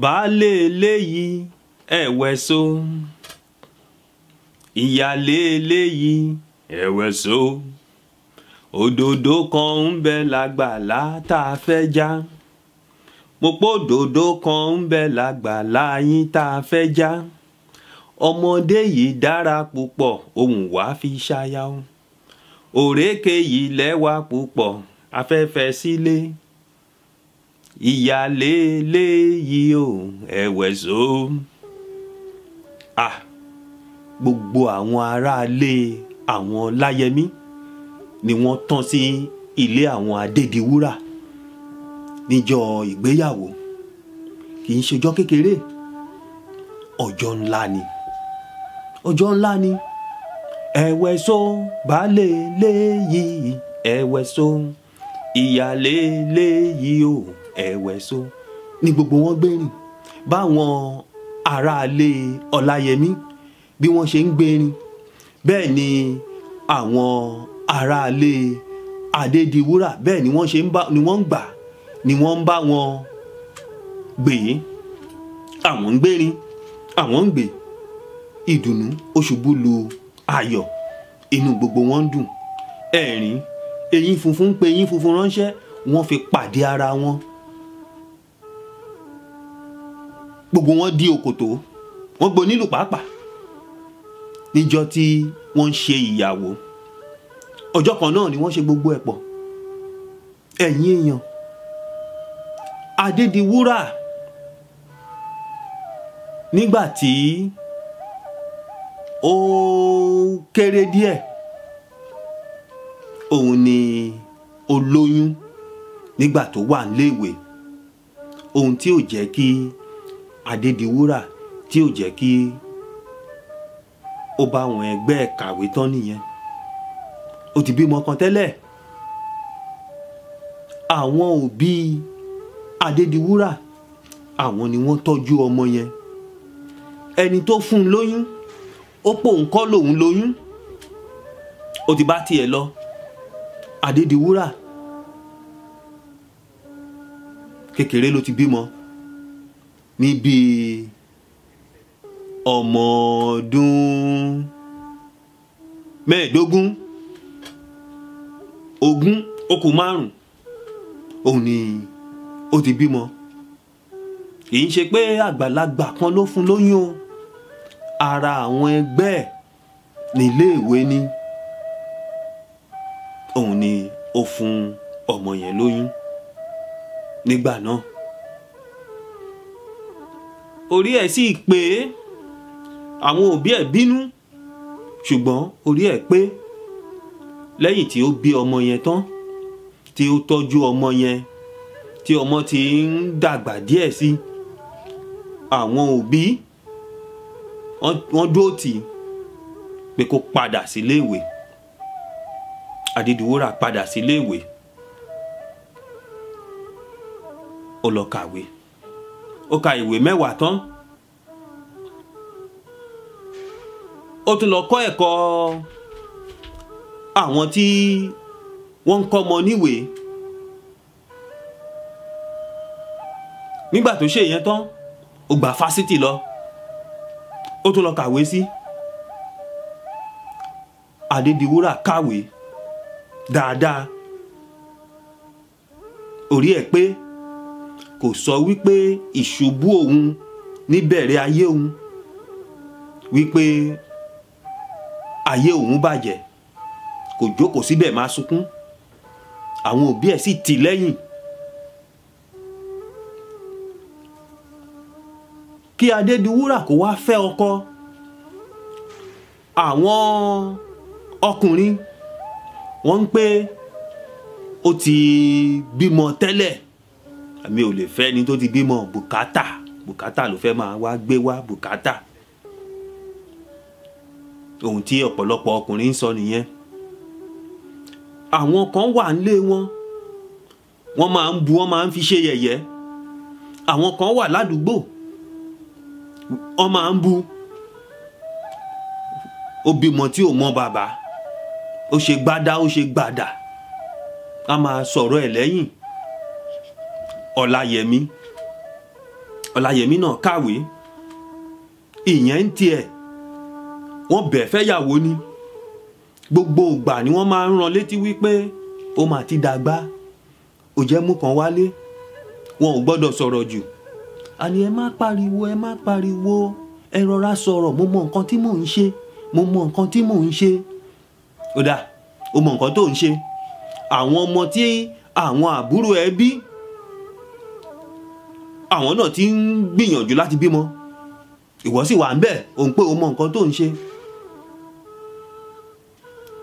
baálé eléyìí ẹ̀wẹ̀so ìyálé eléyìí ẹ̀wẹ̀so òdòdó kan ń bẹ lágbàlá tá a fẹ́ já mo pọ́ òdòdó kan ń bẹ lágbàlá yín tá a fẹ́ já ọmọdé yìí dára púpọ̀ ohùn wá fi ṣayá òrèké yìí lẹ́wà púpọ̀ afẹ́fẹ́ sílé. Si ìyáálé léyìí o ẹ̀wẹ̀ so. ah gbogbo àwọn aráalé àwọn láyẹmí ni wọ́n tán sí ilé àwọn adédiwúrà níjọ́ ìgbéyàwó kì í ṣọjọ́ kékeré ọjọ́ ńlá ni ọjọ́ ńlá ni ẹ̀wẹ̀ so baálé léyìí ẹ̀wẹ̀ so ìyáálé léyìí o so ni gbogbo wọn gbé rìn báwọn aráalé ọláyẹmí bí wọ́n ṣe ń gbé rìn bẹ́ẹ̀ ni àwọn aráalé adédiwúrà bẹ́ẹ̀ ni wọ́n ṣe ń ni wọ́n ń gbà ni wọ́n ń bá wọn gbé àwọn ń gbé rìn àwọn ń gbé ìdùnnú òṣùbù lu ayọ̀ inú gbogbo wọn ń dùn ẹ̀rín eyín funfun ń pe eyín funfun ránṣẹ́ wọ́n fi pàdé ara wọn gbogbo wọn di òkòtó wọ́n gbó nílùú pàápàá níjọ́ tí wọ́n ń ṣe ìyàwó ọjọ́ kan náà ni wọ́n ṣe gbogbo ẹ̀ pọ̀ ẹ̀yin èèyàn Adédiwúrà nígbà tí ó kéré díẹ̀ òun ni ó nígbà tó wà níléèwé ohun tí ò jẹ́ kí Adédiwúrà tí ò jẹ́ kí ó bá àwọn ẹgbẹ́ ẹ̀ kàwé tán nìyẹn ó ti bímọ kan tẹ́lẹ̀ àwọn òbí Adédiwúrà àwọn ni wọ́n tọ́jú ọmọ yẹn ẹni tó fún un lóyún ó pòun kọ́ lòun lóyún ó ti bá tiẹ̀ lọ Adédiwúrà kékeré ló ti bímọ níbi ọmọ ọdún mẹ́ẹ̀ẹ́dógún ogún okùn márùn òun ni ó ti bímọ kì í ṣe pé àgbàlagbà kan ló fún lóyún ara àwọn ẹgbẹ́ ẹ̀ níléèwé ni òun ni ó fún ọmọ yẹn lóyún nígbà náà orí ẹ̀ sì pé àwọn òbí ẹ̀ bínú ṣùgbọ́n orí ẹ̀ pé lẹ́yìn tí ó bí ọmọ yẹn tán tí ó tọ́jú ọmọ yẹn tí ọmọ ti ń dàgbà díẹ̀ sí àwọn òbí wọ́n dúró tì í pé kó padà síléèwé Adédìwúrà padà síléèwé ó lọ ó ka ìwé mẹ́wàá tán ó tún lọ kọ́ ẹ̀kọ́ àwọn tí wọ́n ń kọ́ ọmọ níwèé nígbà tó ṣe yẹn tán ó gba fásitì lọ ó tún lọ kàwé sí Adédiwúrà kàwé dáadáa orí ẹ̀ pé kò sọ wípé ìṣubú òun níbẹ̀rẹ̀ ayé òun wípé ayé òun bàjẹ́ kò jókòó síbẹ̀ máa sunkún àwọn òbí ẹ̀ sì tì lẹ́yìn kí Adédiwúrà kó wá fẹ́ ọkọ àwọn ọkùnrin wọ́n ń pé ó ti bímọ tẹ́lẹ̀ mi ò lè fẹ́ ẹni tó ti bímọ bùkátà bùkátà ló fẹ́ máa wá gbé wá bùkátà ohun tí ọ̀pọ̀lọpọ̀ ọkùnrin ń sọ nìyẹn àwọn kan wà nílé wọn wọ́n máa ń bu wọ́n máa ń fi ṣe yẹ̀yẹ́ àwọn kan wà ládùúgbò wọ́n máa ń bu ó bímọ tí ò mọ bàbá ó ṣe gbádá ó ṣe gbàdà a máa sọ̀rọ̀ ẹ̀ lẹ́yìn ọláyẹmí ọláyẹmí náà kàwé ìyẹn ń tiẹ̀ wọ́n bẹ̀ fẹ́yàwó ni gbogbo ìgbà ni wọ́n máa ń ran létí wípé ó mà ti dàgbà ò jẹ́ mú kan wálé wọn ò gbọ́dọ̀ sọ̀rọ̀ jù àní ẹ má pariwo ẹ má pariwo ẹ rọra sọ̀rọ̀ mo mọ nǹkan tí mò ń ṣe mo mọ nǹkan tí mò ń ṣe ó dà o mọ nǹkan tó ń ṣe àwọn ọmọ tí àwọn àbúrò ẹ bí àwọn náà ti ń gbìyànjú láti bímọ ìwọ sì wà ń bẹ̀ òun pé o mọ nǹkan tó ń ṣe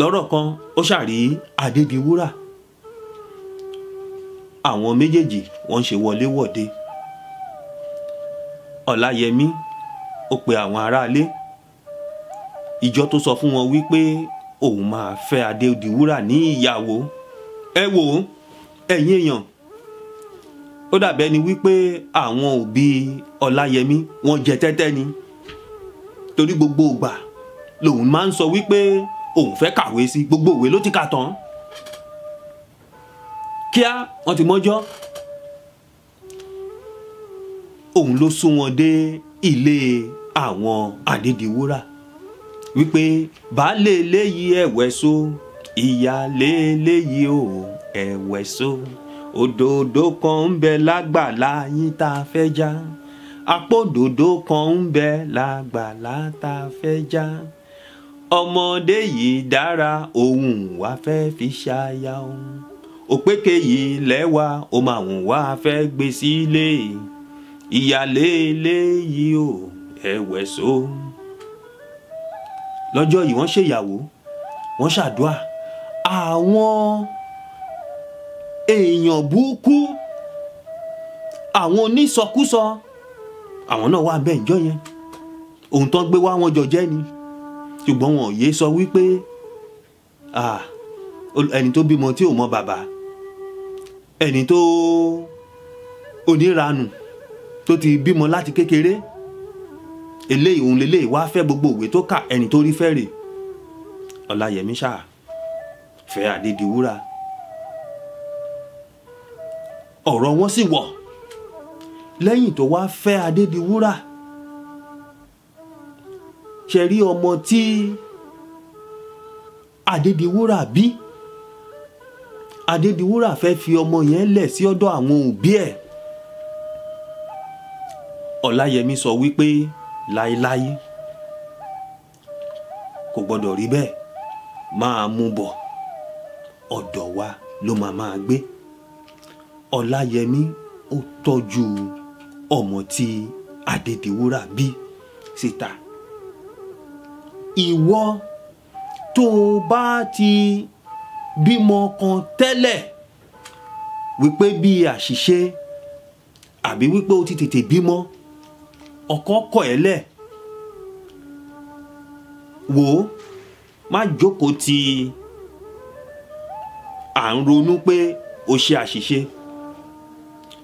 lọ́rọ̀ kan ó ṣàrí Adédiwúrà àwọn méjèèjì wọ́n ń ṣe wọléwọ̀de Ọláyẹmí ó pe àwọn aráalé ìjọ tó sọ fún wọn wípé òun máa fẹ́ Adédiwúrà ní ìyàwó ẹ wò ó ẹ̀yin èèyàn ó dàbẹ́ ni wípé àwọn òbí ọláyẹmí wọ́n jẹ tẹ́tẹ́ ni torí gbogbo ìgbà lòun máa ń sọ wípé òun fẹ́ kàwé sí gbogbo ìwé ló ti kà tán kíá wọ́n ti mọ́jọ́ òun ló sún wọn dé ilé àwọn àdédìwúrà wípé baálé eléyìí ẹ̀wẹ̀ so ìyá lé eléyìí ò ẹ̀wẹ̀ so òdòdó kan ń bẹ lágbàlá yín tá a fẹ́ já apòdòdó kan ń bẹ lágbàlá tá a fẹ́ já ọmọdé yìí dára òun wá fẹ́ fi ṣaya òun òpèkè yìí lẹ́wà ó máa wùn wá fẹ́ gbé sílé ìyàlé eléyìí ò ẹ̀wẹ̀ so. lọ́jọ́ yìí wọ́n ṣèyàwó wọ́n ṣàdúrà àwọn. Ah, èèyàn burúkú àwọn onísọkúsọ àwọn náà wà bẹ́ẹ̀ ńjọ́ yẹn ohun tó gbé wá wọn jọ jẹ́ ni ṣùgbọ́n wọn ò yé sọ wípé ẹni tó bímọ tí ò mọ bàbá ẹni tó oníranù tó ti bímọ láti kékeré eléyìí òun lélẹ́yìí wá fẹ́ gbogbo òwe tó kà ẹni tó rí fẹ́ rè ọ̀làyẹmí ṣáà fẹ́ àdédìwúrà ọ̀rọ̀ wọn sì wọ̀ lẹ́yìn tó wá fẹ́ Adédiwúrà ṣe rí ọmọ tí Adédiwúrà bí Adédiwúrà fẹ́ fi ọmọ yẹn lẹ̀ sí ọ̀dọ̀ àwọn òbí ẹ̀ Ọláyẹmí sọ wípé láéláé kò gbọdọ̀ rí bẹ́ẹ̀ máa mú bọ̀ ọ̀dọ̀ wa ló máa máa gbé ọláyẹmí ó tọ́jú ọmọ tí adédèwúrà bí síta ìwọ tó o bá ti bímọ kan tẹ́lẹ̀ wípé bí àṣìṣe àbí wípé o ti tètè bímọ ọkọ kọ ẹ lẹ wò ó má jókòó tí à ń ronú pé o ṣe àṣìṣe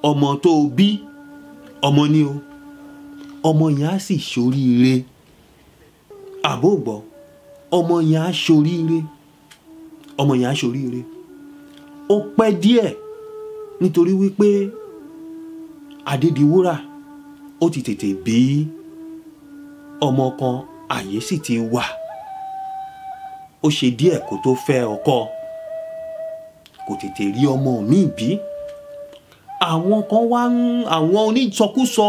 ọmọ tó o bí ọmọ ni o ọmọ yẹn á sì ṣoríire àbó gbọ́ ọmọ yẹn á ṣoríire ọmọ yẹn á ṣoríire ó pẹ́ díẹ̀ nítorí wípé Adédiwúrà ó ti tètè bí ọmọ kan àyè sì ti wà ó ṣe díẹ̀ kó tó fẹ́ ọkọ kò tètè rí ọmọ mi bí àwọn kan wá ń àwọn onísọkúsọ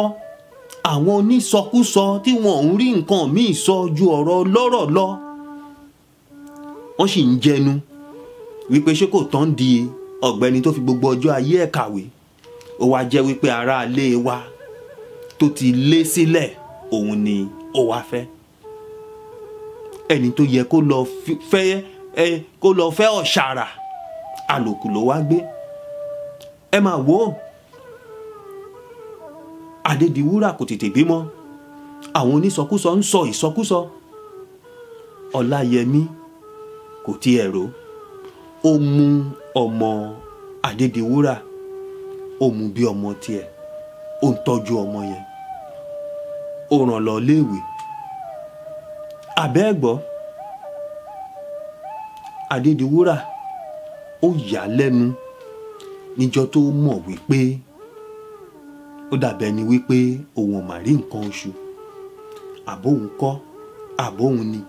àwọn onísọkúsọ tí wọn ò ń rí nǹkan míì sọ ju ọ̀rọ̀ lọ́rọ̀ lọ wọ́n sì ń jẹnu wípé ṣé kò tán di ọ̀gbẹ́ni tó fi gbogbo ọjọ́ ayé ẹ̀ kàwé ó wá jẹ́ wípé aráalé wa tó ti lé sílẹ̀ òun ni ó wá fẹ́ ẹni tó yẹ kó lọ fẹ́ ẹ kó lọ fẹ́ ọ̀ṣàrà àlòkù ló wá gbé ẹ máa wò ó adédiwúrà kò tètè bímọ àwọn onísọkúsọ ń sọ ìsọkúsọ ọláyẹmí kò tiẹ̀ rò ó mú ọmọ adédiwúrà ó mú bí ọmọ tiẹ̀ ó ń tọ́jú ọmọ yẹn ó ràn lọ léèwé àbẹ́ẹ̀gbọ́ adédiwúrà ó yà á lẹ́nu níjọ́ tó mọ̀ wípé ó dàbí ẹni wípé òun ò mà rí nǹkan oṣù àbóhun kọ́ àbóhun ni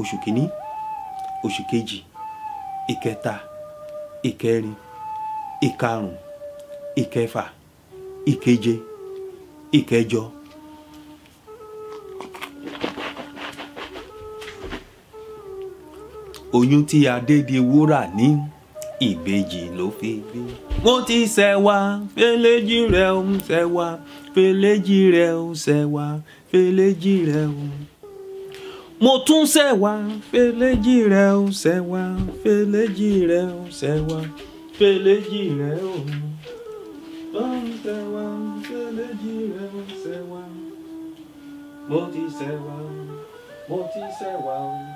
oṣù kìíní oṣù kejì ìkẹta ìkẹrin ìkarùn ìkẹfà ìkeje ìkẹjọ. oyún tí adédiwúrà ní. Ni ìbejì ló fi bí. mo ti ṣẹ̀wá fẹ́lẹ́jì rẹ̀ ń ṣẹ̀wá fẹ́lẹ́jì rẹ̀ ń ṣẹ̀wá fẹ́lẹ́jì rẹ̀ ń. mo tún ṣẹ̀wá fẹ́lẹ́jì rẹ̀ ń ṣẹ̀wá fẹ́lẹ́jì rẹ̀ ń ṣẹ̀wá fẹ́lẹ́jì rẹ̀ ń. mo ń ṣẹ̀wá fẹ́lẹ́jì rẹ̀ ń ṣẹ̀wá mo ti ṣẹ̀wá mo ti ṣẹ̀wá.